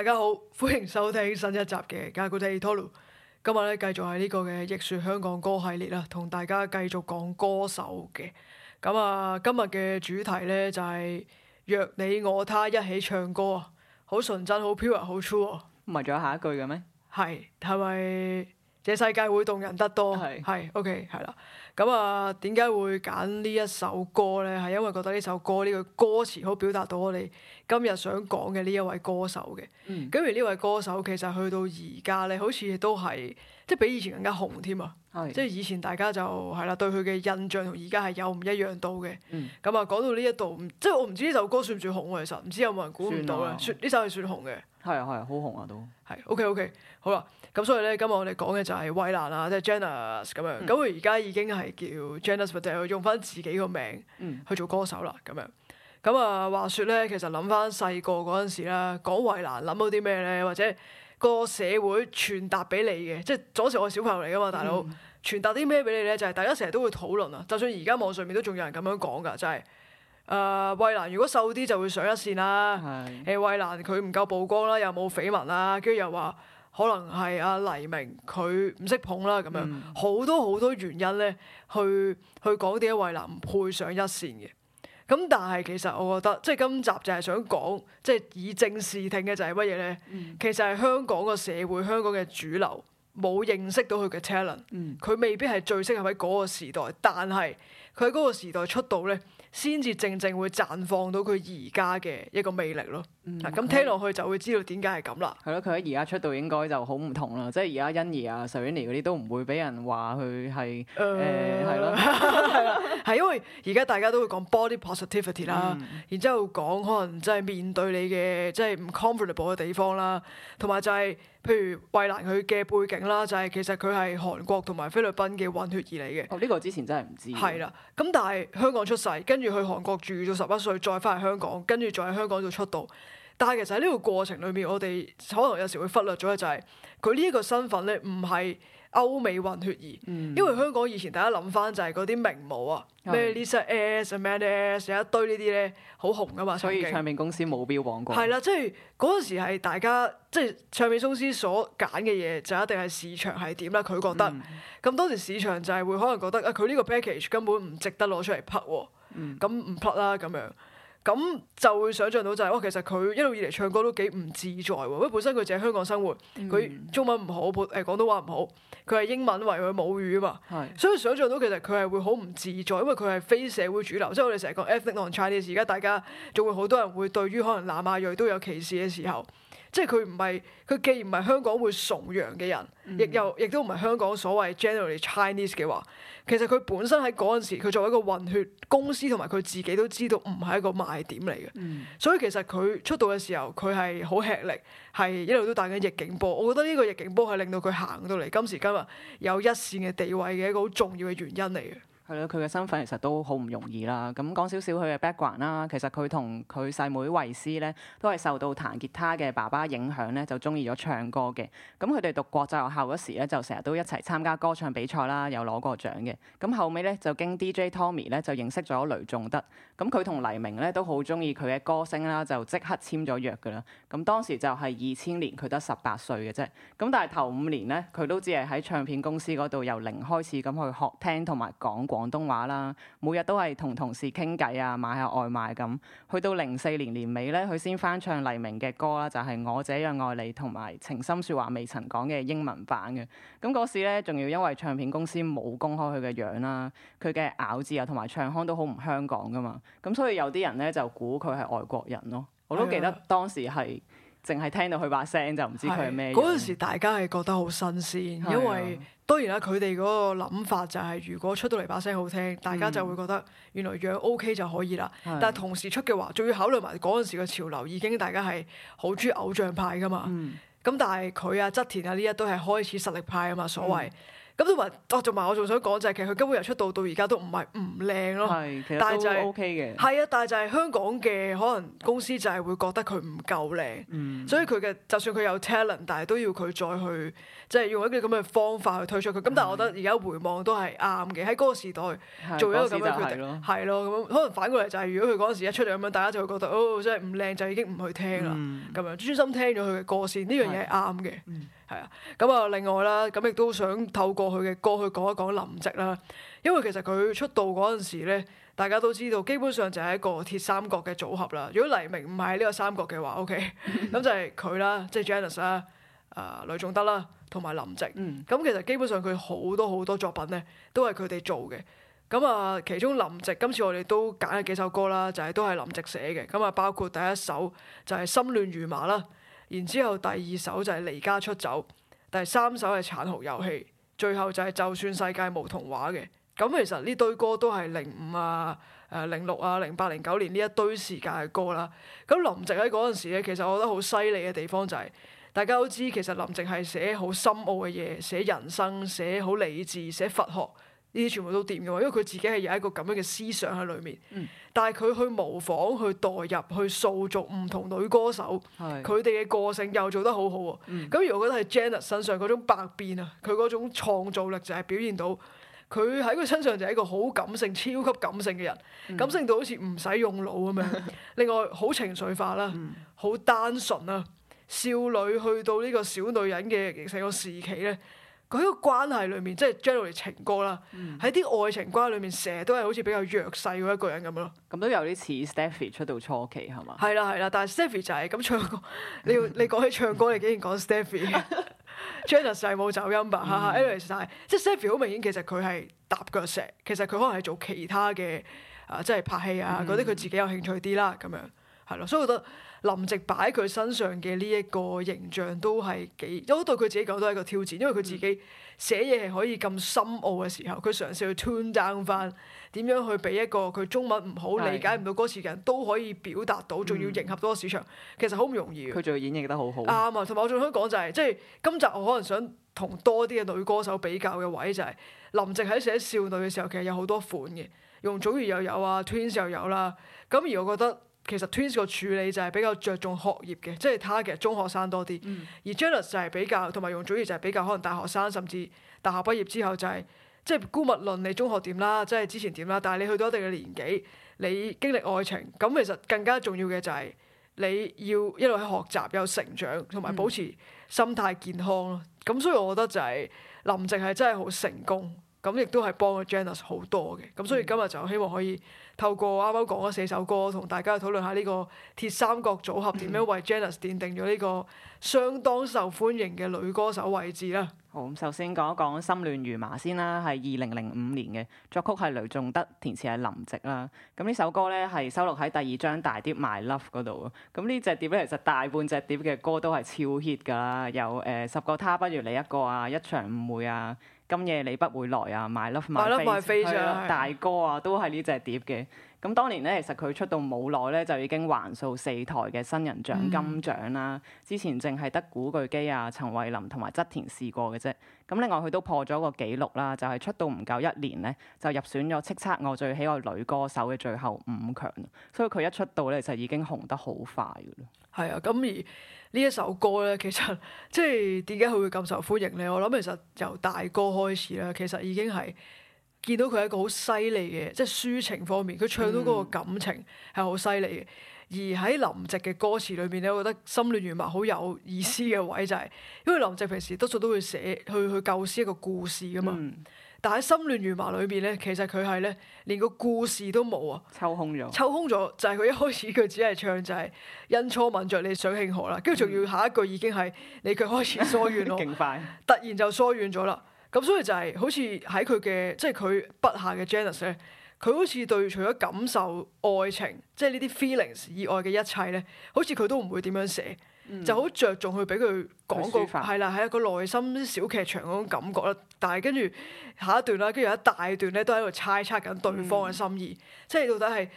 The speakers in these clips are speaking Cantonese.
大家好，歡迎收聽新一集嘅《加古地托魯》，今日咧繼續係呢個嘅《逆說香港歌》系列啦，同大家繼續講歌手嘅。咁啊，今日嘅主題咧就係若你我他一起唱歌，好純真，好 pure，好 true 啊！唔係仲有下一句嘅咩？係，係咪？這世界會動人得多，係是 OK，係啦。咁啊，點解會揀呢一首歌咧？係因為覺得呢首歌呢個歌詞好表達到我哋今日想講嘅呢一位歌手嘅。咁、嗯、而呢位歌手其實去到而家咧，好似亦都係即係比以前更加紅添啊。是即係以前大家就係啦，對佢嘅印象同而家係有唔一樣、嗯嗯、到嘅。咁啊，講到呢一度，即係我唔知呢首歌算唔算紅，其實唔知有冇人估唔到咧。算呢了首係算紅嘅。係啊，係啊，好紅啊都。係 ，OK OK，好啦，咁所以咧，今日我哋講嘅就係衛蘭啊，即係 Janice 咁樣。咁佢而家已經係叫 Janice Vidal 用翻自己個名去做歌手啦，咁樣。咁啊，話說咧，其實諗翻細個嗰陣時啦，講衛蘭諗到啲咩咧？或者個社會傳達俾你嘅，即係嗰時我小朋友嚟噶嘛，大佬、嗯、傳達啲咩俾你咧？就係、是、大家成日都會討論啊，就算而家網上面都仲有人咁樣講噶，真、就、係、是。誒衛蘭，呃、如果瘦啲就會上一線啦、啊。誒衛蘭佢唔夠曝光啦，又冇緋聞啦，跟住又話可能係阿、啊、黎明佢唔識捧啦咁樣，好、嗯、多好多原因咧，去去講點解衛蘭唔配上一線嘅。咁但係其實我覺得，即係今集就係想講，即係以正視聽嘅就係乜嘢咧？嗯、其實係香港個社會，香港嘅主流冇認識到佢嘅 talent 佢未必係最適合喺嗰個時代，但係佢喺嗰個時代出道咧，先至正正會綻放到佢而家嘅一個魅力咯，嗱咁、嗯、聽落去就會知道點解係咁啦。係咯、嗯，佢喺而家出道應該就好唔同啦，即係而家欣宜啊、Serrini 嗰啲都唔會俾人話佢係誒係咯，係因為而家大家都會講 body positivity 啦、嗯，然之後講可能即係面對你嘅即係唔 comfortable 嘅地方啦，同埋就係、是。譬如衛蘭佢嘅背景啦，就係、是、其實佢係韓國同埋菲律賓嘅混血兒嚟嘅。哦，呢、這個之前真係唔知。係啦，咁但係香港出世，跟住去韓國住到十一歲，再翻去香港，跟住再喺香港度出道。但係其實喺呢個過程裏面，我哋可能有時會忽略咗嘅就係佢呢一個身份咧，唔係，歐美混血兒，因為香港以前大家諗翻就係嗰啲名模啊，咩、嗯、Lisa S Mani S 有一堆呢啲咧，好紅噶嘛，所以唱片公司冇標榜過。係啦，即係嗰陣時係大家即係、就是、唱片公司所揀嘅嘢，就一定係市場係點啦，佢覺得咁、嗯、當時市場就係會可能覺得啊，佢呢個 package 根本唔值得攞出嚟 plug 咁唔 plug 啦咁樣。咁就會想像到就係、是、哇，其實佢一路以嚟唱歌都幾唔自在喎，因為本身佢就係香港生活，佢中文唔好，誒廣東話唔好，佢係英文為佢母語啊嘛，的所以想像到其實佢係會好唔自在，因為佢係非社會主流，即係我哋成日講 ethnic non-Chinese，而家大家仲會好多人會對於可能南亞裔都有歧視嘅時候。即係佢唔係佢既然唔係香港會崇洋嘅人，亦又亦都唔係香港所謂 generally Chinese 嘅話。其實佢本身喺嗰陣時，佢作為一個混血公司同埋佢自己都知道唔係一個賣點嚟嘅。嗯、所以其實佢出道嘅時候，佢係好吃力，係一路都帶緊逆境波。我覺得呢個逆境波係令到佢行到嚟今時今日有一線嘅地位嘅一個好重要嘅原因嚟嘅。佢佢嘅身份其實都好唔容易啦。咁講少少佢嘅 background 啦，其實佢同佢細妹衛詩呢，都係受到彈吉他嘅爸爸影響呢，就中意咗唱歌嘅。咁佢哋讀國際學校嗰時呢，就成日都一齊參加歌唱比賽啦，有攞過獎嘅。咁後尾呢，就經 DJ Tommy 呢，就認識咗雷頌德。咁佢同黎明呢，都好中意佢嘅歌聲啦，就即刻簽咗約㗎啦。咁當時就係二千年，佢得十八歲嘅啫。咁但係頭五年呢，佢都只係喺唱片公司嗰度由零開始咁去學聽同埋講講。廣東話啦，每日都係同同事傾偈啊，買下外賣咁。去到零四年年尾咧，佢先翻唱黎明嘅歌啦，就係、是《我這樣愛你》同埋《情深說話未曾講》嘅英文版嘅。咁嗰時咧，仲要因為唱片公司冇公開佢嘅樣啦，佢嘅咬字啊同埋唱腔都好唔香港噶嘛。咁所以有啲人咧就估佢係外國人咯。我都記得當時係。淨係聽到佢把聲就唔知佢係咩嘢。嗰陣時大家係覺得好新鮮，的因為當然啦，佢哋嗰個諗法就係、是、如果出到嚟把聲好聽，大家就會覺得原來樣 OK 就可以啦。的但係同時出嘅話，仲要考慮埋嗰陣時嘅潮流，已經大家係好中意偶像派㗎嘛。咁的但係佢啊、側田啊呢一都係開始實力派啊嘛，所謂。咁都話，哦，同埋我仲想講就係其實佢根本由出道到而家都唔係唔靚咯，係其實都 OK 嘅。係、就是、啊，但係就係香港嘅可能公司就係會覺得佢唔夠靚，嗯、所以佢嘅就算佢有 talent，但係都要佢再去即係、就是、用一啲咁嘅方法去推出佢。咁、嗯、但係我覺得而家回望都係啱嘅。喺嗰個時代做一個咁嘅決定，係咯咁。可能反過嚟就係如果佢嗰陣時一出嚟咁樣，大家就會覺得哦，真係唔靚就已經唔去聽啦。咁、嗯、樣專心聽咗佢嘅歌先，呢樣嘢係啱嘅。係啊，咁啊另外啦，咁亦都想透過佢嘅歌去講一講林夕啦，因為其實佢出道嗰陣時咧，大家都知道基本上就係一個鐵三角嘅組合啦。如果黎明唔係呢個三角嘅話，OK，咁就係佢啦，即係 Janice 啦，誒，雷頌德啦，同埋林夕。咁其實基本上佢好多好多作品咧，都係佢哋做嘅。咁啊，其中林夕今次我哋都揀咗幾首歌啦，就係都係林夕寫嘅。咁啊，包括第一首就係心亂如麻啦。然之後第二首就係、是、離家出走，第三首係殘酷遊戲，最後就係、是、就算世界無童話嘅。咁其實呢堆歌都係零五啊、誒零六啊、零八零九年呢一堆時間嘅歌啦。咁林夕喺嗰陣時咧，其實我覺得好犀利嘅地方就係、是，大家都知其實林夕係寫好深奧嘅嘢，寫人生，寫好理智，寫佛學。呢啲全部都掂嘅，因為佢自己係有一個咁樣嘅思想喺裏面。嗯、但係佢去模仿、去代入、去塑造唔同女歌手，佢哋嘅個性又做得好好、啊、喎。咁、嗯、如果覺得係 Janet 身上嗰種百變啊，佢嗰種創造力就係表現到佢喺佢身上就係一個好感性、超級感性嘅人，嗯、感性到好似唔使用腦咁樣， 另外，好情緒化啦，好、嗯、單純啊，少女去到呢個小女人嘅成個時期咧。佢喺個關係裏面，即係 Jaredly 情歌啦，喺啲、嗯、愛情關裏面，成日都係好似比較弱勢嗰一個人咁咯。咁、嗯、都有啲似 Stephy 出到初期係嘛？係啦係啦，但係 Stephy 就係咁唱歌，你要你講起唱歌，你竟然講 Stephy，Janice 冇走音吧？Alex、嗯、 即係 Stephy 好明顯其實佢係踏腳石，其實佢可能係做其他嘅啊，即係拍戲啊嗰啲佢自己有興趣啲啦，咁樣係咯，所以我覺得。林夕擺喺佢身上嘅呢一個形象都係幾，都對佢自己講都係一個挑戰，因為佢自己寫嘢係可以咁深奧嘅時候，佢嘗試去 tune down 翻，點樣去俾一個佢中文唔好是理解唔到歌詞嘅人都可以表達到，仲要迎合多個市場，嗯、其實好唔容易。佢仲要演繹得好好。啱啊，同埋我仲想講就係、是，即、就、係、是、今集我可能想同多啲嘅女歌手比較嘅位就係、是，林夕喺寫少女嘅時候其實有好多款嘅，容祖兒又有啊，Twins 又有啦，咁而我覺得。其實 Twins 個處理就係比較着重學業嘅，即係他其實中學生多啲，嗯、而 Janice 就係比較，同埋容祖兒就係比較可能大學生，甚至大學畢業之後就係、是、即係姑勿論你中學點啦，即係之前點啦。但係你去到一定嘅年紀，你經歷愛情，咁其實更加重要嘅就係你要一路去學習，有成長，同埋保持心態健康咯。咁、嗯、所以我覺得就係、是、林夕係真係好成功，咁亦都係幫 Janice 好多嘅。咁所以今日就希望可以。嗯透過啱啱講嗰四首歌，同大家討論下呢個鐵三角組合點樣為 Janice 奠定咗呢個相當受歡迎嘅女歌手位置啦。好，咁首先講一講《心亂如麻》先啦，係二零零五年嘅作曲係雷頌德，填詞係林夕啦。咁呢首歌咧係收錄喺第二張大碟《My Love》嗰度。咁呢隻碟咧其實大半隻碟嘅歌都係超 hit 㗎，有誒十個他不如你一個啊，一場誤會啊。今夜你不會來啊！My Love My Fate，大哥啊，都係呢隻碟嘅。咁當年咧，其實佢出道冇耐咧，就已經橫掃四台嘅新人獎金獎啦。嗯、之前淨係得古巨基啊、陳慧琳同埋側田試過嘅啫。咁另外佢都破咗個紀錄啦，就係、是、出道唔夠一年咧，就入選咗《叱咤我最喜愛女歌手》嘅最後五強。所以佢一出道咧，其實已經紅得好快嘅啦。係啊，咁而呢一首歌咧，其實即係點解佢會咁受歡迎咧？我諗其實由大哥開始啦，其實已經係見到佢係一個好犀利嘅，即係抒情方面，佢唱到嗰個感情係好犀利嘅。而喺林夕嘅歌詞裏面咧，我覺得《心亂如麻》好有意思嘅位就係、是，因為林夕平時多數都會寫去去構思一個故事㗎嘛。嗯但喺心亂如麻裏邊咧，其實佢係咧，連個故事都冇啊，抽空咗，抽空咗就係、是、佢一開始佢只係唱就係、是、因錯因初吻着你想慶賀啦，跟住仲要下一句已經係你佢開始疏遠咯， 快突然就疏遠咗啦。咁所以就係好似喺佢嘅即係佢筆下嘅 Janice 咧，佢好似對除咗感受愛情即係、就、呢、是、啲 feelings 以外嘅一切咧，好似佢都唔會點樣寫。就好着重過去俾佢講個係啦，係一個內心小劇場嗰種感覺啦。但係跟住下一段啦，跟住一大段咧都喺度猜測緊對方嘅心意，嗯、即係到底係愛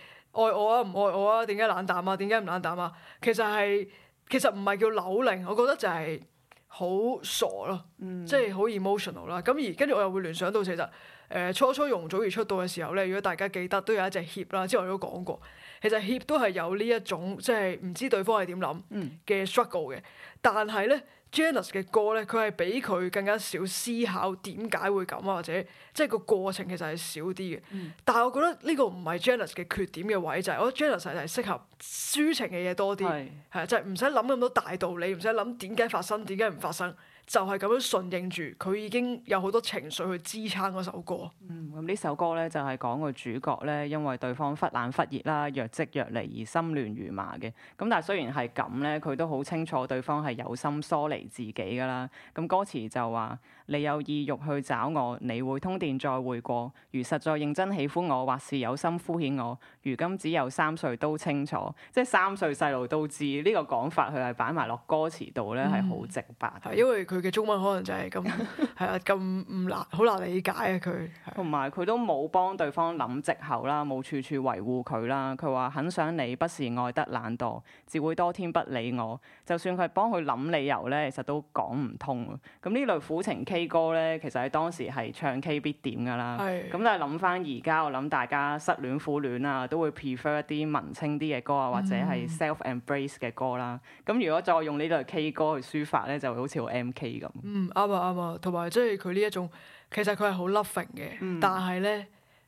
我啊，唔愛我啊？點解冷淡啊？點解唔冷淡啊？其實係其實唔係叫扭擰，我覺得就係好傻咯，即係好 emotional 啦。咁、嗯、而跟住我又會聯想到其實誒、呃、初初容祖兒出道嘅時候咧，如果大家記得都有一隻 hit 啦，之前我都講過。其實 Hip 都係有呢一種即係唔知對方係點諗嘅 struggle 嘅，嗯、但係咧 Janice 嘅歌咧，佢係比佢更加少思考點解會咁啊，或者即係個過程其實係少啲嘅。嗯、但係我覺得呢個唔係 Janice 嘅缺點嘅位就係、是、我覺得 Janice 就係適合抒情嘅嘢多啲，係是 就係唔使諗咁多大道理，唔使諗點解發生，點解唔發生。就係咁樣順應住，佢已經有好多情緒去支撐嗰首歌。嗯，咁呢首歌咧就係講個主角咧，因為對方忽冷忽熱啦、若即若離而心亂如麻嘅。咁但係雖然係咁咧，佢都好清楚對方係有心疏離自己噶啦。咁歌詞就話。你有意欲去找我，你會通電再會過，如實在認真喜歡我，或是有心敷衍我，如今只有三歲都清楚，即係三歲細路都知呢個講法，佢係擺埋落歌詞度咧，係好直白。因為佢嘅中文可能就係咁，係 啊，咁唔難，好難理解啊佢。同埋佢都冇幫對方諗藉口啦，冇處處維護佢啦。佢話很想你，不是愛得懶惰，只會多天不理我。就算佢幫佢諗理，理由咧，其實都講唔通。咁呢類苦情。K 歌咧，其實喺當時係唱 K 必點噶啦。咁是但係諗翻而家，我諗大家失戀苦戀啊，都會 prefer 一啲文青啲嘅歌啊，或者係 self-embrace 嘅歌啦。咁、嗯、如果再用呢類 K 歌去抒發咧，就會好似好 MK 咁。嗯，啱啊啱啊，同埋即係佢呢一種，其實佢係好 loving 嘅，嗯、但係咧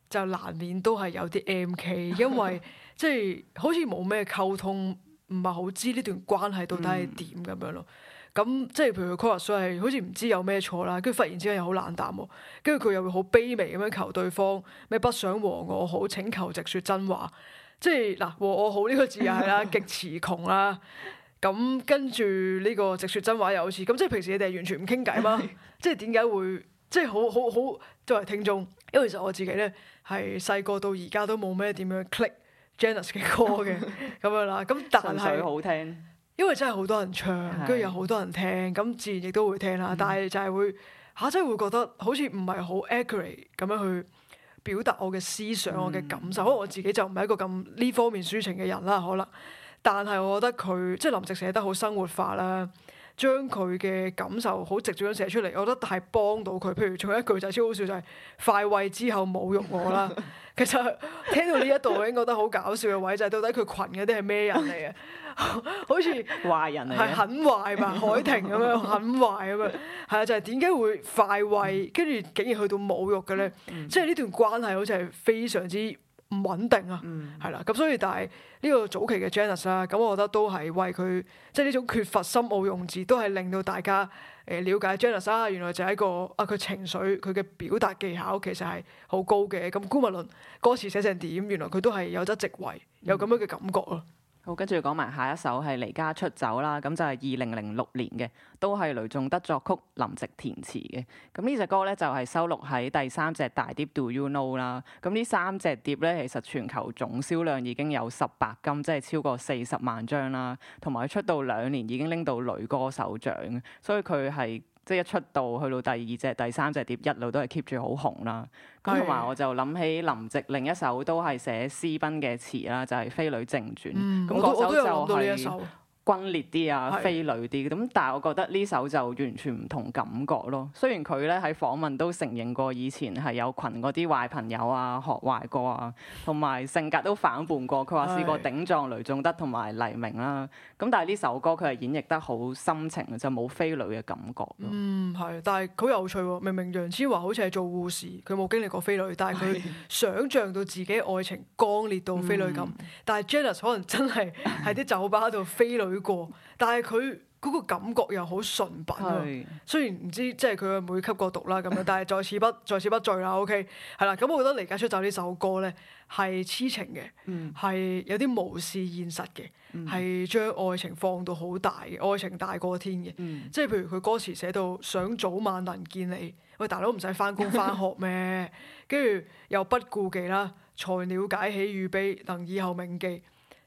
就難免都係有啲 MK，因為即係好似冇咩溝通，唔係好知呢段關係到底係點咁樣咯。嗯咁即係譬如佢 conversation 係好似唔知有咩錯啦，跟住忽然之間又好冷淡，跟住佢又會好卑微咁樣求對方咩不想和我好，請求直說真話，即係嗱和我好呢個字係啦，極詞窮啦。咁跟住呢個直說真話又好似咁，即係平時你哋係完全唔傾偈嘛？ 即係點解會即係好好好作為聽眾？因為其實我自己咧係細個到而家都冇咩點樣 click Janice 嘅歌嘅咁樣啦。咁但係 好聽。因為真係好多人唱，跟住有好多人聽，咁自然亦都會聽啦。但係就係會嚇真係會覺得好似唔係好 accurate 咁樣去表達我嘅思想、嗯、我嘅感受。可能我自己就唔係一個咁呢方面抒情嘅人啦，可能。但係我覺得佢即係林夕寫得好生活化啦。將佢嘅感受好直接咁寫出嚟，我覺得係幫到佢。譬如仲有一句就超好笑，就係、是、快慰之後侮辱我啦。 其實聽到呢一度已經覺得好搞笑嘅位就係、是、到底佢群嗰啲係咩人嚟嘅？ 好似壞，壞人係很壞嘛，海婷咁樣很壞咁樣，係啊 就係點解會快慰，跟住竟然去到侮辱嘅咧？嗯、即係呢段關係好似係非常之。唔穩定啊，係啦、嗯，咁所以但係呢、這個早期嘅 Janice 啦，咁我覺得都係為佢即係呢種缺乏深奧用字，都係令到大家誒瞭、呃、解 Janice 啊，原來就係一個啊佢情緒佢嘅表達技巧其實係好高嘅，咁姑勿論歌詞寫成點，原來佢都係有得席位，有咁樣嘅感覺啊。好，跟住講埋下一首係《離家出走》啦，咁就係二零零六年嘅，都係雷頌德作曲、林夕填詞嘅。咁呢隻歌咧就係、是、收錄喺第三隻大碟《Do You Know》啦。咁呢三隻碟咧，其實全球總銷量已經有十八金，即係超過四十萬張啦。同埋佢出道兩年已經拎到女歌手獎，所以佢係。即係一出道去到第二隻、第三隻碟，一路都係 keep 住好紅啦。咁同埋我就諗起林夕另一首都係寫私奔嘅詞啦，就係、是《飛女正傳》。咁嗰、嗯、首就係。轟烈啲啊，飛女啲咁，但係我覺得呢首就完全唔同感覺咯。雖然佢咧喺訪問都承認過以前係有群嗰啲壞朋友啊，學壞過啊，同埋性格都反叛過，佢話試過頂撞雷頌德同埋黎明啦。咁但係呢首歌佢係演繹得好深情，就冇飛女嘅感覺咯。嗯，係，但係好有趣喎。明明楊千嬅好似係做護士，佢冇經歷過飛女，但係佢想象到自己愛情剛烈到飛女咁。的嗯、但係 Janice 可能真係喺啲酒吧度飛女。 過，但係佢嗰個感覺又好純品咯。是雖然唔知即係佢會唔會吸過毒啦咁樣，但係再次不 再次不在啦。OK，係啦。咁我覺得《離家出走》呢首歌咧係痴情嘅，係、嗯、有啲無視現實嘅，係將、嗯、愛情放到好大，愛情大過天嘅。嗯、即係譬如佢歌詞寫到想早晚能見你，喂，大佬唔使翻工翻學咩？跟住 又不顧忌啦，才了解喜與悲，能以後銘記，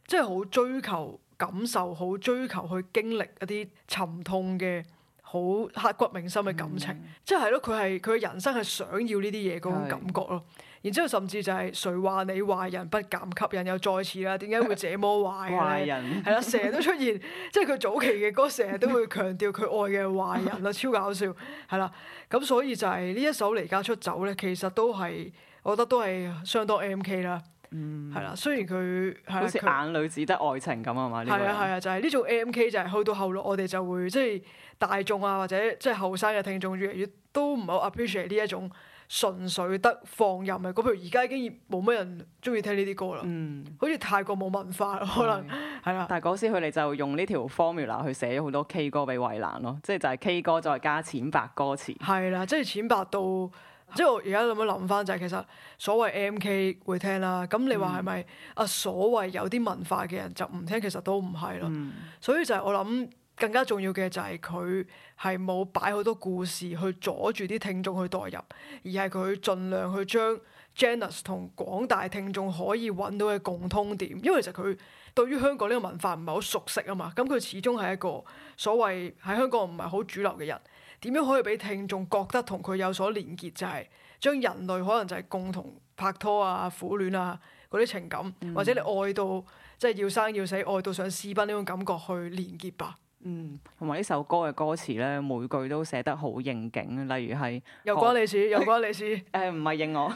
即係好追求。感受好追求去經歷一啲沉痛嘅好刻骨銘心嘅感情，嗯、即係係咯，佢係佢嘅人生係想要呢啲嘢嗰種感覺咯。嗯、然之後甚至就係誰話你壞人不敢吸引又再次啦，點解會這麼壞咧？壞人係 啦，成日都出現，即係佢早期嘅歌成日都會強調佢愛嘅壞人啦，超搞笑係啦。咁、嗯、所以就係呢一首離家出走咧，其實都係我覺得都係相當 M K 啦。嗯，係啦，雖然佢係好似眼裏只得愛情咁啊嘛，係啊係啊，就係呢種 MK 就係去到後路，我哋就會即係大眾啊或者即係後生嘅聽眾越嚟越都唔係好 appreciate 呢一種純粹得放任嘅，嗰譬如而家已經冇乜人鍾意聽呢啲歌啦，嗯，好似太過冇文化咯，可能係啦。但係嗰時佢哋就用呢條 formula 去寫咗好多 K 歌俾衞蘭咯，即係就係 K 歌再加淺白歌詞，係啦，即係淺白到。即係我而家咁樣諗翻就係，其實所謂 MK 會聽啦，啊，咁你話係咪啊，所謂有啲文化嘅人就唔聽，其實都唔係咯。 所以就係我諗更加重要嘅就係佢係冇擺好多故事去阻住啲聽眾去代入，而係佢盡量去將 Janice 同廣大聽眾可以揾到嘅共通點，因為其實佢對於香港呢個文化唔係好熟悉啊嘛，咁佢始終係一個所謂喺香港唔係好主流嘅人。點樣可以俾聽眾覺得同佢有所連結？就係、是、將人類可能就係共同拍拖啊、苦戀啊嗰啲情感，嗯、或者你愛到即係、就是、要生要死、愛到想私奔呢種感覺去連結吧。嗯，同埋呢首歌嘅歌詞呢，每句都寫得好應景，例如係又關你事，又關何你事，誒唔係應我，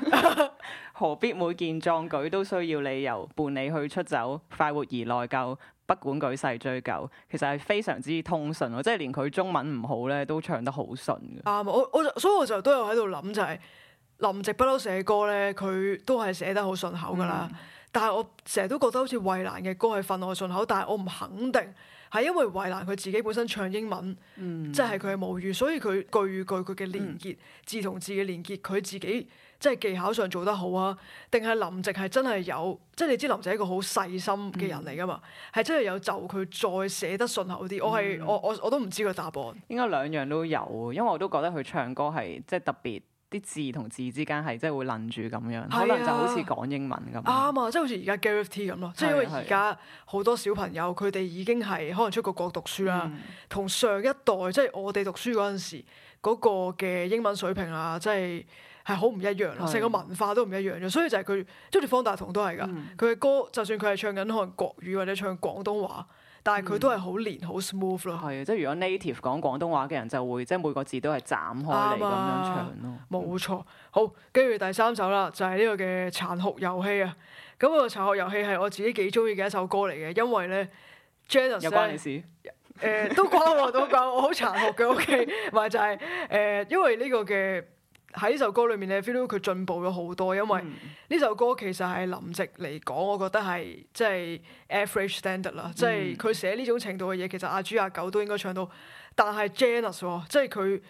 何必每件壯舉都需要理由，伴你去出走，快活而內疚。不管舉世追究，其實係非常之通順咯，即係連佢中文唔好咧，都唱得好順嘅。啊、嗯，我我就所以我就都有喺度諗，就係林夕不嬲寫歌咧，佢都係寫得好順口㗎喇。嗯、但係我成日都覺得好似衞蘭嘅歌係分外順口，但係我唔肯定。係因為衞蘭佢自己本身唱英文，嗯、即係佢嘅母語，所以佢句句佢嘅連結，字同字嘅連結，佢自己即係技巧上做得好啊。定係林夕係真係有，即係你知林夕係一個好細心嘅人嚟噶嘛？係、嗯、真係有就佢再寫得順口啲、嗯。我係我我我都唔知個答案。應該兩樣都有，因為我都覺得佢唱歌係即係特別。啲字同字之間係真係會愣住咁樣，啊、可能就好似講英文咁。啱啊，即係好似而家 gift 咁咯。即係因為而家好多小朋友，佢哋已經係可能出過國讀書啦。同、嗯、上一代即係、就是、我哋讀書嗰陣時嗰、那個嘅英文水平啊，即係係好唔一樣啦。成是個文化都唔一樣咗，所以就係佢，即、就、係、是、方大同都係㗎。佢嘅、嗯、歌就算佢係唱緊可能國語或者唱廣東話。但係佢都係好連好 smooth 咯，係啊、嗯 s，即係如果 native 講廣東話嘅人就會即係每個字都係斬開嚟咁樣唱、啊、咯，冇錯。好，跟住第三首啦，就係、是、呢個嘅殘酷遊戲啊。咁啊、這個，殘酷遊戲係我自己幾中意嘅一首歌嚟嘅，因為咧，Janice 咧，有關你事，誒、呃，都關我 都關我，我好殘酷嘅。O K，或者就係、是、誒、呃，因為呢個嘅。喺呢首歌裏面你 feel，佢進步咗好多，因為呢首歌其實係林夕嚟講，我覺得係、嗯、即係 average standard 啦，即係佢寫呢種程度嘅嘢，其實阿豬阿狗都應該唱到，但係 Janus 即係佢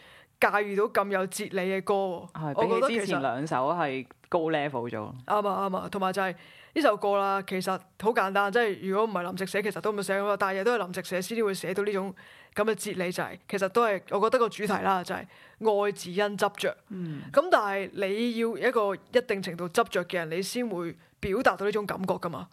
駕馭到咁有哲理嘅歌，之前我覺得其實兩首係高 level 咗。啱啊啱啊，同埋就係呢首歌啦，其實好簡單，即係如果唔係林夕寫，其實都唔會寫咯，但係都係林夕寫，先會寫到呢種。咁嘅哲理就係、是，其實都係我覺得個主題啦，就係、是、愛自因執著。咁、mm hmm. 但係你要一個一定程度執着嘅人，你先會表達到呢種感覺噶嘛。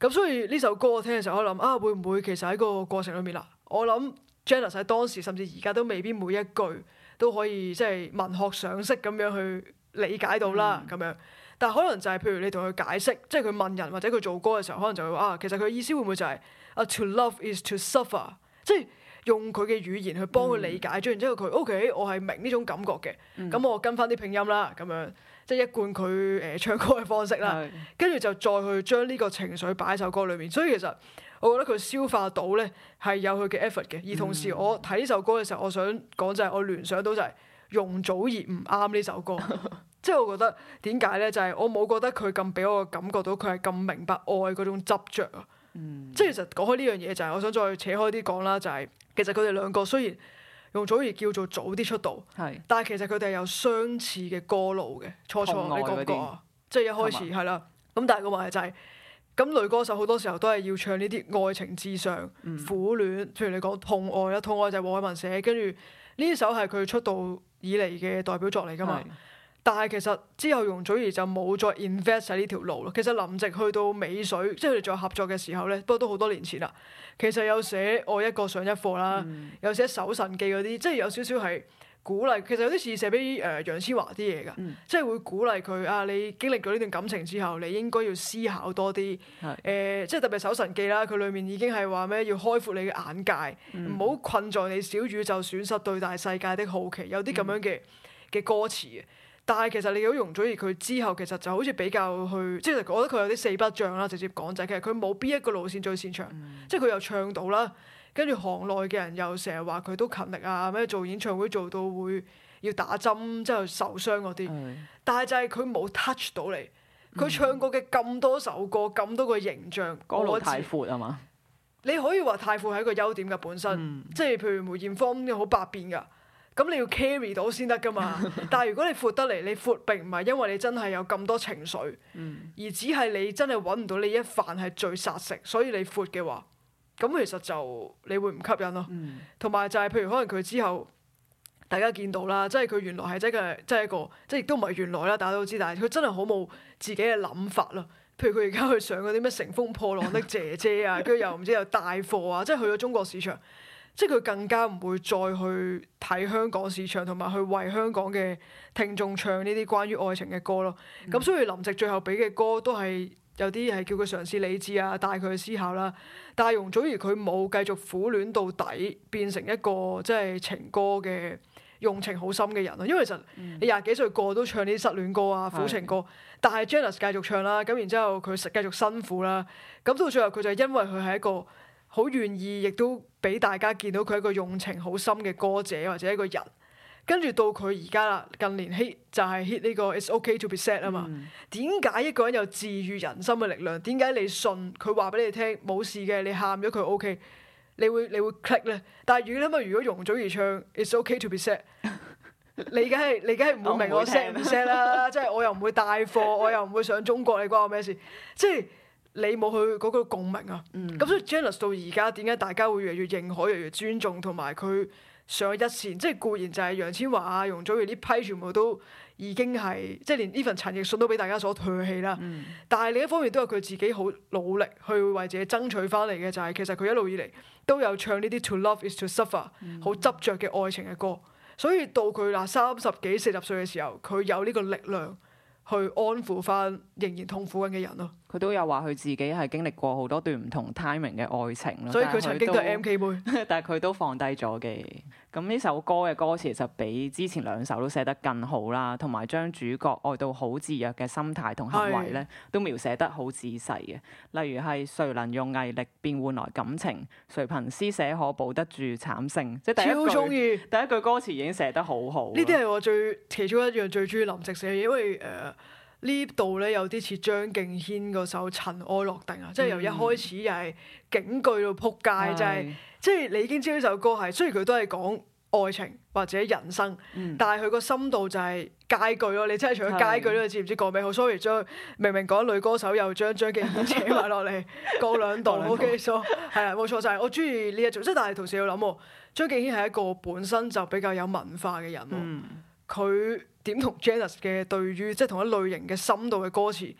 咁所以呢首歌我聽嘅時候，我諗啊，會唔會其實喺個過程裏面啦？我諗 Janice 喺當時甚至而家都未必每一句都可以即係、就是、文學賞識咁樣去理解到啦。咁樣、mm，hmm. 但係可能就係譬如你同佢解釋，即係佢問人或者佢做歌嘅時候，可能就會啊，其實佢意思會唔會就係、是、啊，to love is to suffer，即係。用佢嘅語言去幫佢理解，嗯、咗然之後佢 OK，我係明呢種感覺嘅，咁、嗯、我跟翻啲拼音啦，咁樣即係一貫佢誒、呃、唱歌嘅方式啦。跟住、嗯、就再去將呢個情緒擺喺首歌裏面，所以其實我覺得佢消化到呢係有佢嘅 effort 嘅。而同時我睇呢首歌嘅時候，我想講就係我聯想到就係、是、容祖兒唔啱呢首歌，即係、嗯、 我覺得點解呢？就係、是、我冇覺得佢咁俾我感覺到佢係咁明白愛嗰種執著啊。即係、嗯、其實講開呢樣嘢就係，我想再扯開啲講啦，就係、是、其實佢哋兩個雖然容祖兒叫做早啲出道，是但係其實佢哋係有相似嘅歌路嘅，初初你講過，即係一開始係啦，咁嗎但係個問題就係、是，咁女歌手好多時候都係要唱呢啲愛情至上、嗯、苦戀，譬如你講痛愛啦，痛愛就係黃偉文寫，跟住呢首係佢出道以嚟嘅代表作嚟噶嘛。但係其實之後容祖兒就冇再 invest 喺呢條路咯。其實林夕去到尾水，即係佢哋再合作嘅時候咧，不過都好多年前啦。其實有寫《愛一個上一課》啦、嗯，有寫《搜神記》嗰啲，即係有少少係鼓勵。其實有啲似寫俾誒楊千嬅啲嘢噶，嗯、即係會鼓勵佢啊！你經歷過呢段感情之後，你應該要思考多啲。誒、呃，即係特別《搜神記》啦，佢裏面已經係話咩？要開闊你嘅眼界，唔好、嗯、困在你小宇宙，損失對大世界的好奇。有啲咁樣嘅嘅、嗯、歌詞。但係其實你如容祖兒佢之後其實就好似比較去，即係我覺得佢有啲四不像啦，直接講就係其實佢冇邊一個路線最擅長，嗯、即係佢又唱到啦，跟住行內嘅人又成日話佢都勤力啊，咩做演唱會做到會要打針之後受傷嗰啲，嗯、但係就係佢冇 touch 到你，佢唱過嘅咁多首歌咁、嗯、多個形象，歌路太闊係嘛？你可以話太闊係一個優點嘅本身，嗯、即係譬如梅艷芳咁好百變㗎。咁你要 carry 到先得㗎嘛？但係如果你闊得嚟，你闊並唔係因為你真係有咁多情緒，嗯、而只係你真係揾唔到你一飯係最殺食，所以你闊嘅話，咁其實就你會唔吸引咯。同埋、嗯、就係譬如可能佢之後大家見到啦，即係佢原來係真係一個，即係亦都唔係原來啦，大家都知，但係佢真係好冇自己嘅諗法咯。譬如佢而家去上嗰啲咩乘風破浪的姐姐啊，跟住 又唔知又帶貨啊，即係去咗中國市場。即係佢更加唔會再去睇香港市場，同埋去為香港嘅聽眾唱呢啲關於愛情嘅歌咯。咁、mm. 所以林夕最後俾嘅歌都係有啲係叫佢嘗試理智啊，帶佢去思考啦。但係容祖兒佢冇繼續苦戀到底，變成一個即係、就是、情歌嘅用情好深嘅人咯。因為其實你廿幾歲個都唱呢啲失戀歌啊、苦情歌，mm. 但係 Janice 繼續唱啦，咁然之後佢繼續辛苦啦，咁到最後佢就因為佢係一個。好願意，亦都俾大家見到佢一個用情好深嘅歌者或者一個人。跟住到佢而家啦，近年 hit 就係 hit 呢個 It's OK to be sad 啊嘛。點解、嗯、一個人有治愈人心嘅力量？點解你信佢話俾你聽冇事嘅？你喊咗佢 OK，你會你會 click 咧。但係如果諗啊，如果容祖兒唱 It's OK to be sad， 你梗係你梗係唔會明我 sad 唔 sad 啦。即係我又唔會帶貨， 我又唔會上中國，你關我咩事？即係。你冇去嗰個共鳴啊！咁所以 Janice 到而家點解大家會越嚟越認可、越嚟越尊重同埋佢上一線，即係固然就係楊千嬅、阿容祖兒呢批全部都已經係即係連呢份陳奕迅都俾大家所唾棄啦。嗯、但係另一方面都係佢自己好努力去為自己爭取翻嚟嘅，就係、是、其實佢一路以嚟都有唱呢啲 To Love Is To Suffer 好、嗯、執着嘅愛情嘅歌，所以到佢嗱三十幾、四十歲嘅時候，佢有呢個力量。去安撫翻仍然痛苦緊嘅人咯。佢都有話佢自己係經歷過好多段唔同 timing 嘅愛情咯。所以佢曾經都係 M K 妹，但係佢都放低咗嘅。咁呢首歌嘅歌詞就比之前兩首都寫得更好啦，同埋將主角愛到好自虐嘅心態同行為咧是，都描寫得好仔細嘅。例如係誰能用毅力便換來感情，誰憑施捨可保得住慘勝。即係超中意第一句歌詞已經寫得好好。呢啲係我最其中一樣最中意林夕寫嘅嘢，因為誒呢度咧有啲似張敬軒嗰首《塵埃落定》啊，嗯、即係由一開始又係警句到撲街，就係的。即係你已經知呢首歌係，雖然佢都係講愛情或者人生，嗯、但係佢個深度就係佳句咯。你真係除咗佳句，你的知唔知講咩？好 sorry，將明明講女歌手又將張敬軒扯埋落嚟過兩度。OK，so 係啊，冇錯就係、是、我中意呢一種。即係但係同時要諗，張敬軒係一個本身就比較有文化嘅人。佢點同 Janice 嘅對於即係、就是、同一類型嘅深度嘅歌詞？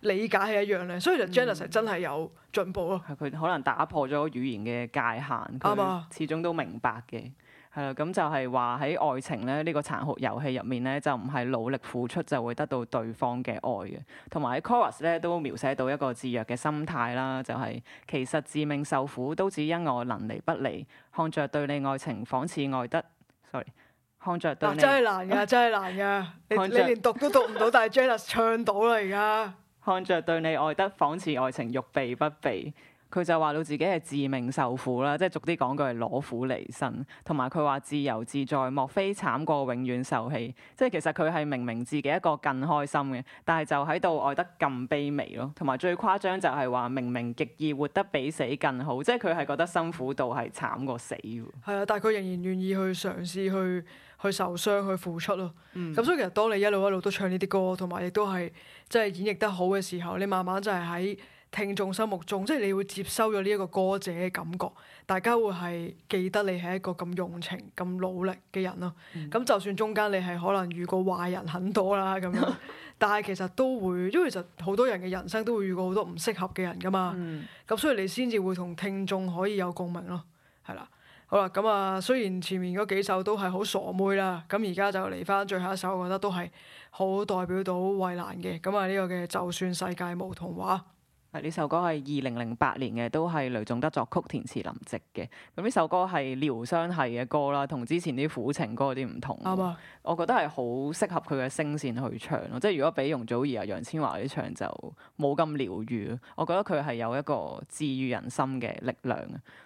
理解係一樣咧，所以就 Janice 真係有進步啊。佢、嗯、可能打破咗語言嘅界限，佢始終都明白嘅。係啦、嗯，咁就係話喺愛情咧呢、呢個殘酷遊戲入面咧，就唔係努力付出就會得到對方嘅愛嘅。同埋喺 Chorus 咧都描寫到一個自虐嘅心態啦，就係、是、其實自命受苦都只因我能離不離，看着對你愛情仿似愛得，sorry，看着對你真係難嘅，真係難嘅。你連讀都讀唔到，但係 Janice 唱到啦而家。看着對你愛得仿似愛情，欲避不避。佢就話到自己係自命受苦啦，即係俗啲講句係攞苦嚟身，同埋佢話自由自在莫非慘過永遠受氣，即係其實佢係明明自己一個更開心嘅，但係就喺度愛得咁卑微咯。同埋最誇張就係話明明極易活得比死更好，即係佢係覺得辛苦到係慘過死喎。係啊，但係佢仍然願意去嘗試去去受傷去付出咯。咁、嗯、所以其實當你一路一路都唱呢啲歌，同埋亦都係即係演繹得好嘅時候，你慢慢就係喺聽眾心目中，即係你會接收咗呢一個歌者嘅感覺，大家會係記得你係一個咁用情、咁努力嘅人咯。咁、嗯、就算中間你係可能遇過壞人很多啦，咁樣， 但係其實都會，因為其實好多人嘅人生都會遇過好多唔適合嘅人噶嘛。咁、嗯、所以你先至會同聽眾可以有共鳴咯，係啦。好啦，咁啊，雖然前面嗰幾首都係好傻妹啦，咁而家就嚟返最後一首，我覺得都係好代表到衞蘭嘅。咁啊，呢個嘅就算世界無童話。呢首歌係二零零八年嘅，都係雷頌德作曲，填詞林夕嘅。咁呢首歌係療傷系嘅歌啦，同之前啲苦情歌啲唔同。嗯、我覺得係好適合佢嘅聲線去唱咯，即係如果俾容祖兒啊、楊千嬅啲唱就冇咁療愈。我覺得佢係有一個治愈人心嘅力量，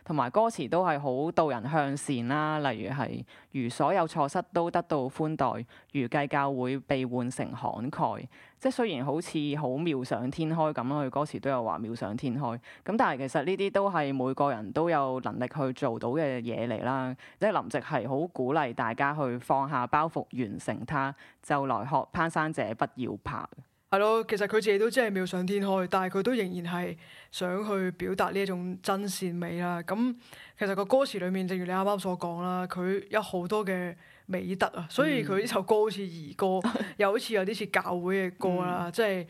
同埋歌詞都係好導人向善啦，例如係如所有錯失都得到寬待。預計較會被換成慷慨，即係雖然好似好妙想天開咁佢歌詞都有話妙想天開。咁但係其實呢啲都係每個人都有能力去做到嘅嘢嚟啦。即係林夕係好鼓勵大家去放下包袱，完成它，就來學攀山者不要怕。係咯，其實佢自己都知係妙想天開，但係佢都仍然係想去表達呢一種真善美啦。咁其實個歌詞裏面，正如你啱啱所講啦，佢有好多嘅。美德啊，所以佢呢首歌好似兒 歌，又好似有啲似教會嘅歌啦，即係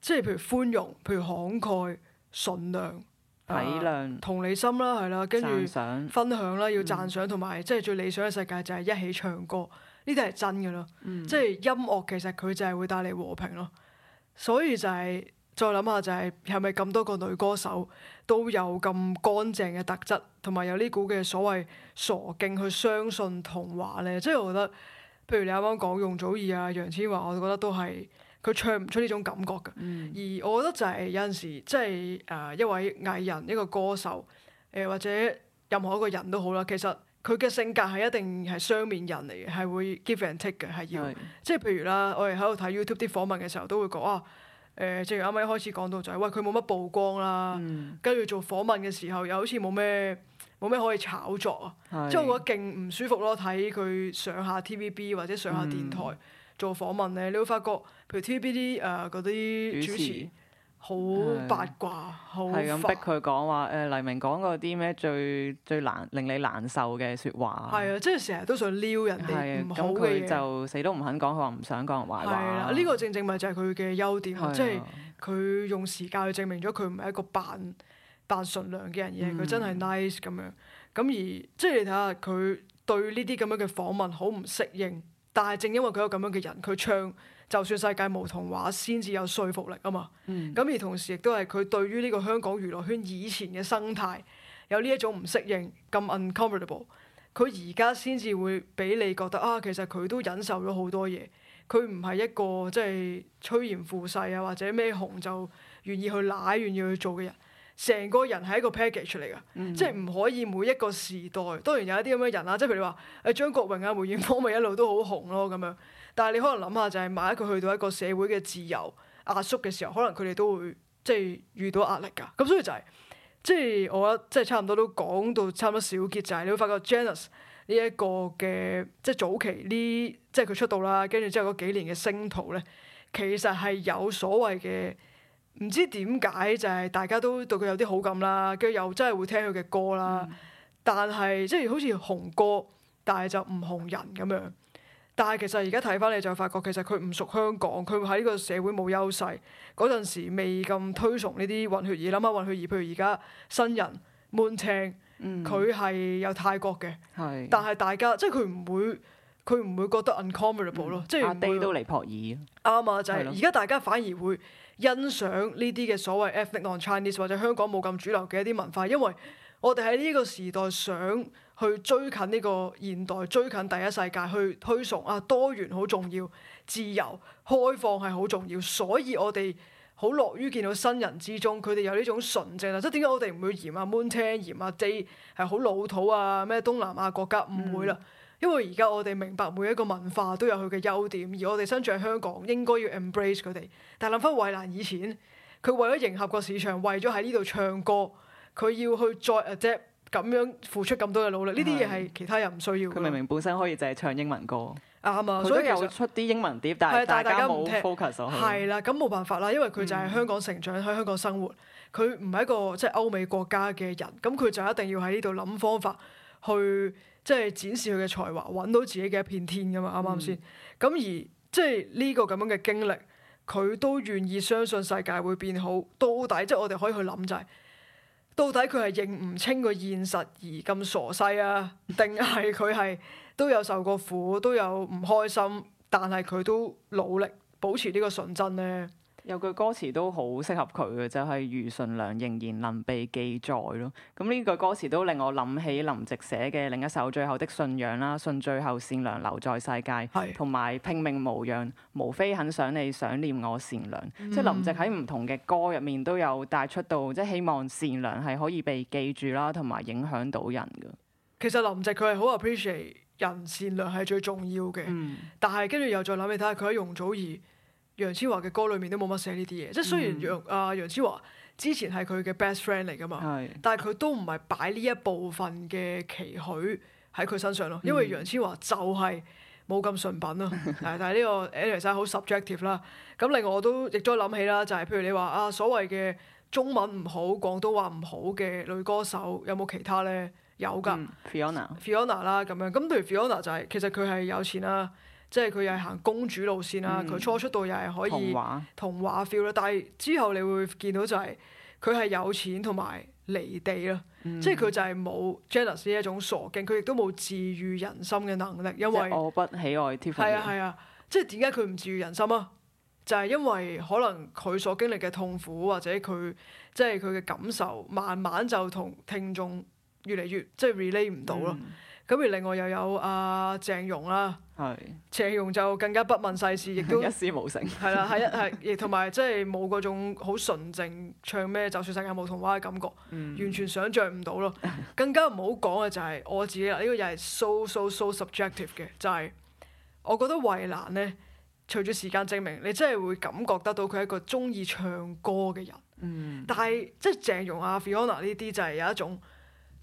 即係譬如寬容，譬如慷慨、善良、體諒、啊、同理心啦，係啦，跟住分享啦，要讚賞同埋即係最理想嘅世界就係一起唱歌，呢啲係真噶咯，即係、嗯、音樂其實佢就係會帶嚟和平咯，所以就係、是。再諗下就係係咪咁多個女歌手都有咁乾淨嘅特質，同埋有呢股嘅所謂傻勁去相信童話咧？即係我覺得，譬如你啱啱講容祖兒啊、楊千嬅，我覺得都係佢唱唔出呢種感覺㗎。嗯、而我覺得就係有陣時，即係誒一位藝人、一個歌手，誒、呃、或者任何一個人都好啦。其實佢嘅性格係一定係雙面人嚟嘅，係會 give and take 嘅，係要的即係譬如啦，我哋喺度睇 YouTube 啲訪問嘅時候都會講啊。誒、呃，正如啱啱一開始講到就係、是，喂佢冇乜曝光啦，跟住、嗯、做訪問嘅時候又好似冇咩冇咩可以炒作啊，即係是我覺得勁唔舒服咯、啊。睇佢上下 TVB 或者上下電台做訪問咧，你會發覺譬如 TVB 啲誒嗰啲、呃、主持。好八卦，好係咁逼佢講話誒黎明講過啲咩最最難令你難受嘅說話？係啊，即係成日都想撩人哋唔好嘅嘢。咁佢就死都唔肯講，佢話唔想講人壞話。係啦，呢、呢個正正咪就係佢嘅優點，的即係佢用時間去證明咗佢唔係一個扮扮純良嘅人嘅，佢、嗯、真係 nice 咁樣。咁而即係你睇下佢對呢啲咁樣嘅訪問好唔適應，但係正因為佢有咁樣嘅人，佢唱。就算世界無童話，先至有說服力啊嘛。咁、嗯、而同時亦都係佢對於呢個香港娛樂圈以前嘅生態有呢一種唔適應，咁 uncomfortable。佢而家先至會俾你覺得啊，其實佢都忍受咗好多嘢。佢唔係一個即係趨炎附勢啊，或者咩紅就願意去奶，願意去做嘅人。成個人係一個 package 嚟㗎，嗯、即係唔可以每一個時代。當然有一啲咁嘅人啦，即係譬如你話誒、哎、張國榮啊、梅艷芳咪一路都好紅咯，咁樣。但係你可能諗下，就係、是、萬一佢去到一個社會嘅自由壓縮嘅時候，可能佢哋都會即係遇到壓力㗎。咁所以就係即係我覺得，即係差唔多都講到差唔多少結小結，就係、是、你會發覺 Janice 呢一個嘅即係早期呢即係佢出道啦，跟住之後嗰幾年嘅星途咧，其實係有所謂嘅唔知點解就係、是、大家都對佢有啲好感啦，跟住又真係會聽佢嘅歌啦，嗯、但係即係好似紅歌，但係就唔紅人咁樣。但係其實而家睇翻你就發覺，其實佢唔屬香港，佢喺呢個社會冇優勢。嗰陣時未咁推崇呢啲混血兒啦嘛，諗下混血兒，譬如而家新人滿青，佢係、嗯、有泰國嘅，的但係大家即係佢唔會，佢唔會覺得 uncomfortable 咯、嗯，即係地都尼泊爾。啱啊，就係而家大家反而會欣賞呢啲嘅所謂 ethnic non Chinese 或者香港冇咁主流嘅一啲文化，因為我哋喺呢個時代想，去追近呢個現代，追近第一世界，去推崇啊多元好重要，自由開放係好重要，所以我哋好樂於見到新人之中，佢哋有呢種純正啦。即係點解我哋唔會嫌啊 Moon Team 嫌啊 Day 係好老土啊咩東南亞國家唔、嗯、會啦，因為而家我哋明白每一個文化都有佢嘅優點，而我哋身處喺香港應該要 embrace 佢哋。但係諗翻衞蘭以前，佢為咗迎合個市場，為咗喺呢度唱歌，佢要去再 adapt 咁樣付出咁多嘅努力，呢啲嘢係其他人唔需要。佢明明本身可以淨係唱英文歌，啱啊。佢都有出啲英文碟，但係大家冇 focus 喎。係啦，咁冇辦法啦，因為佢就係香港成長，喺香港生活，佢唔係一個即係歐美國家嘅人，咁佢就一定要喺呢度諗方法，去即係展示佢嘅才華，揾到自己嘅一片天噶嘛，啱啱先？咁、嗯、而即係呢個咁樣嘅經歷，佢都願意相信世界會變好。到底即係、就係、我哋可以去諗就係、係。到底佢係認唔清個現實而咁傻西啊，定係佢係都有受過苦，都有唔開心，但係佢都努力保持呢個純真咧？有句歌詞都好適合佢嘅，就係餘善良仍然能被記載咯。咁呢句歌詞都令我諗起林夕寫嘅另一首《最後的信仰》啦，信最後善良留在世界，同埋是拼命無恙，無非很想你想念我善良。嗯、即係林夕喺唔同嘅歌入面都有帶出到，即係希望善良係可以被記住啦，同埋影響到人嘅。其實林夕佢係好 appreciate 人善良係最重要嘅，嗯、但係跟住又再諗你睇下佢喺容祖兒。楊千嬅嘅歌裏面都冇乜寫呢啲嘢，即係雖然楊、嗯、啊楊千嬅之前係佢嘅 best friend 嚟噶嘛，的但係佢都唔係擺呢一部分嘅期許喺佢身上咯，嗯、因為楊千嬅就係冇咁純品咯。 但係呢個 a l n i、SI、e 好 subjective 啦。咁另外我都亦再諗起啦，就係、是、譬如你話啊所謂嘅中文唔好、廣東話唔好嘅女歌手，有冇其他咧？有㗎、嗯、Fiona，Fiona 啦咁樣。咁譬如 Fiona 就係、是、其實佢係有錢啦。即係佢又係行公主路線啦，佢、嗯、初出道又係可以童話 feel 啦，但係之後你會見到就係佢係有錢同埋離地啦，嗯、即係佢就係冇 Janice 呢一種傻勁，佢亦都冇治愈人心嘅能力，因為我不喜愛鐵粉。係啊係啊，係啊，即係點解佢唔治愈人心啊？就係、是、因為可能佢所經歷嘅痛苦或者佢即係佢嘅感受，慢慢就同聽眾越嚟越即係 relate 唔到咯。就是咁而另外又有阿鄭融啦，鄭融的就更加不問世事，亦都 一事無成，係啦，係一係亦同埋即係冇嗰種好純正唱咩就算世界冇童話嘅感覺，嗯、完全想像唔到咯。更加唔好講嘅就係我自己啦，呢、呢個又係 so so so subjective 嘅，就係、係、我覺得衞蘭呢，隨住時間證明，你真係會感覺得到佢係一個中意唱歌嘅人。嗯，但係即係鄭融啊、Fiona 呢啲就係有一種。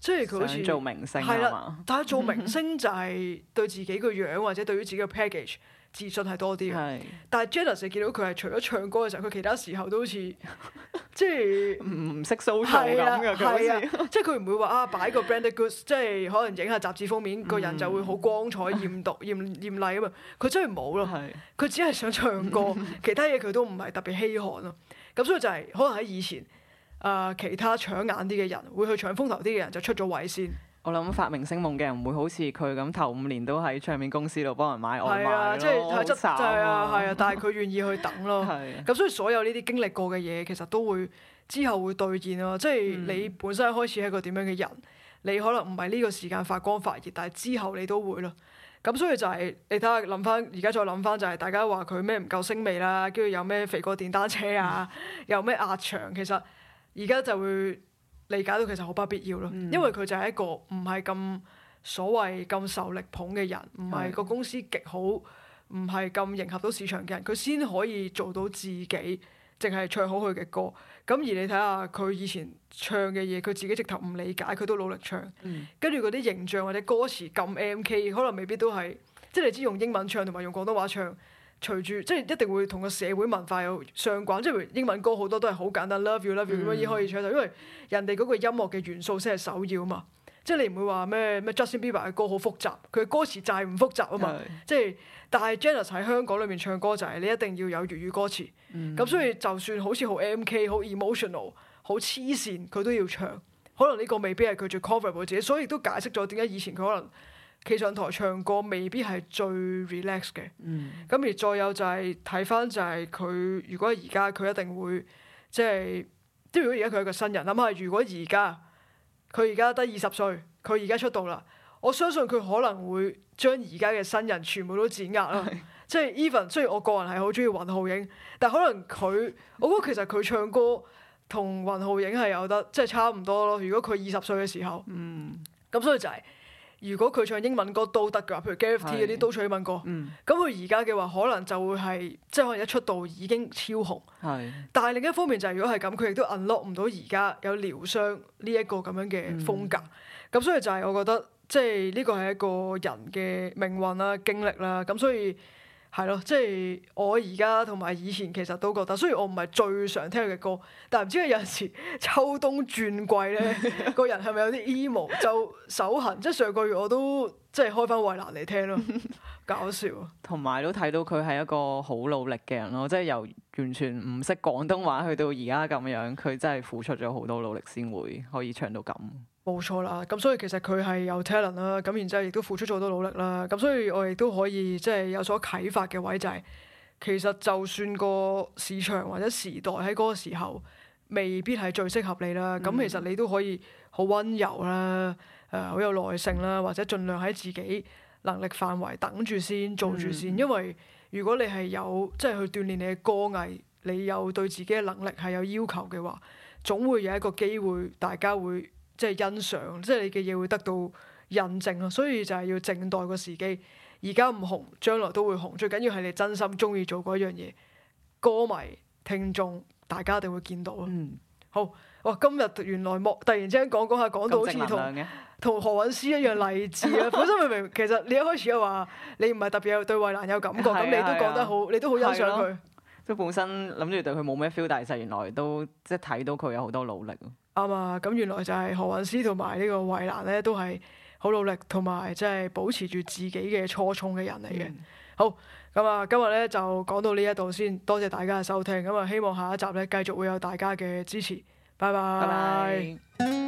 即係佢好似做明星係啦，但係做明星就係對自己個樣或者對於自己個 package 自信係多啲。但係 Jenna 成日見到佢係除咗唱歌嘅時候，佢其他時候都好似即係唔識修圖咁嘅。佢即係佢唔會話啊擺個 branded goods 即係可能影下雜誌封面個人就會好光彩豔獨豔豔麗啊嘛。佢真係冇咯，佢只係想唱歌，其他嘢佢都唔係特別稀罕咯。咁所以就係可能喺以前。誒其他搶眼啲嘅人，會去搶風頭啲嘅人就出咗位先。我諗發明星夢嘅人唔會好似佢咁，頭五年都喺唱片公司度幫人買外賣啊，即係睇得就係、啊，係啊，啊，但係佢願意去等咯。咁、啊、所以所有呢啲經歷過嘅嘢，其實都會之後會兌現咯。即、就、係、係、你本身開始係一個點樣嘅人，嗯、你可能唔係呢個時間發光發熱，但係之後你都會咯。咁所以就係、係、你睇下，諗翻而家再諗翻，就係大家話佢咩唔夠星味啦，跟住有咩肥哥電單車啊，嗯、有咩壓場，其實。而家就會理解到其實好不必要咯，嗯、因為佢就係一個唔係咁所謂咁受力捧嘅人，唔係、嗯、個公司極好，唔係咁迎合到市場嘅人，佢先可以做到自己，淨係唱好佢嘅歌。咁而你睇下佢以前唱嘅嘢，佢自己直頭唔理解，佢都努力唱。跟住嗰啲形象或者歌詞咁 MK，可能未必都係，即係你知用英文唱同埋用廣東話唱。隨住即係一定會同個社會文化有相關，即係英文歌好多都係好簡單，Love you love you 咁樣已可以唱得，因為人哋嗰個音樂嘅元素先係首要啊嘛。即係你唔會話咩咩 Justin Bieber 嘅歌好複雜，佢嘅歌詞就係唔複雜啊嘛。嗯、即係但係 Janice 喺香港裏面唱歌就係你一定要有粵語歌詞，咁、嗯、所以就算好似好 M K 好 emotional 好黐線，佢都要唱。可能呢個未必係佢最 comfortable 嘅嘢，所以都解釋咗點解以前佢可能。企上台唱歌未必係最 relax 嘅，咁、嗯、而再有就係睇返就係佢如果而家佢一定會即係、即，如果而家佢係個新人，諗下如果而家佢而家得二十歲，佢而家出道啦，我相信佢可能會將而家嘅新人全部都碾壓啦，是即係 even 雖然我個人係好中意雲浩影，但可能佢我覺得其實佢唱歌同雲浩影係有得即係、就是、差唔多咯。如果佢二十歲嘅時候，嗯，咁所以就係、是。如果佢唱英文歌都得㗎，譬如 GFT 嗰啲都唱英文歌，咁佢而家嘅話可能就會係即係可能一出道已經超紅。係是，但係另一方面就係如果係咁，佢亦都 unlock 唔到而家有療傷呢一個咁樣嘅風格。咁是所以就係我覺得，即係呢個係一個人嘅命運啦、啊、經歷啦、啊。咁所以。係咯，即係、就是、我而家同埋以前其實都覺得，雖然我唔係最想聽嘅歌，但唔知佢有陣時秋冬轉季咧， 個人係咪有啲 emo 就手痕，即、就、係、是、上個月我都即係、就是、開翻衛蘭嚟聽咯， 搞笑。同埋都睇到佢係一個好努力嘅人咯，即係由完全唔識廣東話去到而家咁樣，佢真係付出咗好多努力先會可以唱到咁。冇錯啦，咁所以其實佢係有 talent 啦，咁然之後亦都付出咗好多努力啦。咁所以我亦都可以即係有所啟發嘅位就係、是、其實就算個市場或者時代喺嗰個時候未必係最適合你啦。咁、嗯、其實你都可以好溫柔啦，誒好有耐性啦，或者盡量喺自己能力範圍等住先做住先。先嗯、因為如果你係有即係、就是、去鍛煉你嘅歌藝，你有對自己嘅能力係有要求嘅話，總會有一個機會大家會。即係欣賞，即係你嘅嘢會得到印證咯。所以就係要靜待個時機。而家唔紅，將來都會紅。最緊要係你真心中意做嗰樣嘢。歌迷、聽眾，大家一定會見到啊。嗯，好。哇，今日原來莫突然之間講講下，講到好似同同何韻詩一樣例子啊。本身明明 其實你一開始就話你唔係特別有對衛蘭有感覺，咁 你都講得， 得好，你都好欣賞佢。即係本身諗住對佢冇咩 feel，但係原來都即係睇到佢有好多努力。啊咁、嗯、原來就係何韻詩同埋呢個衞蘭咧，都係好努力，同埋即係保持住自己嘅初衷嘅人嚟嘅。嗯、好，咁啊，今日咧就講到呢一度先，多謝大家嘅收聽。咁啊，希望下一集咧繼續會有大家嘅支持。拜拜。Bye bye。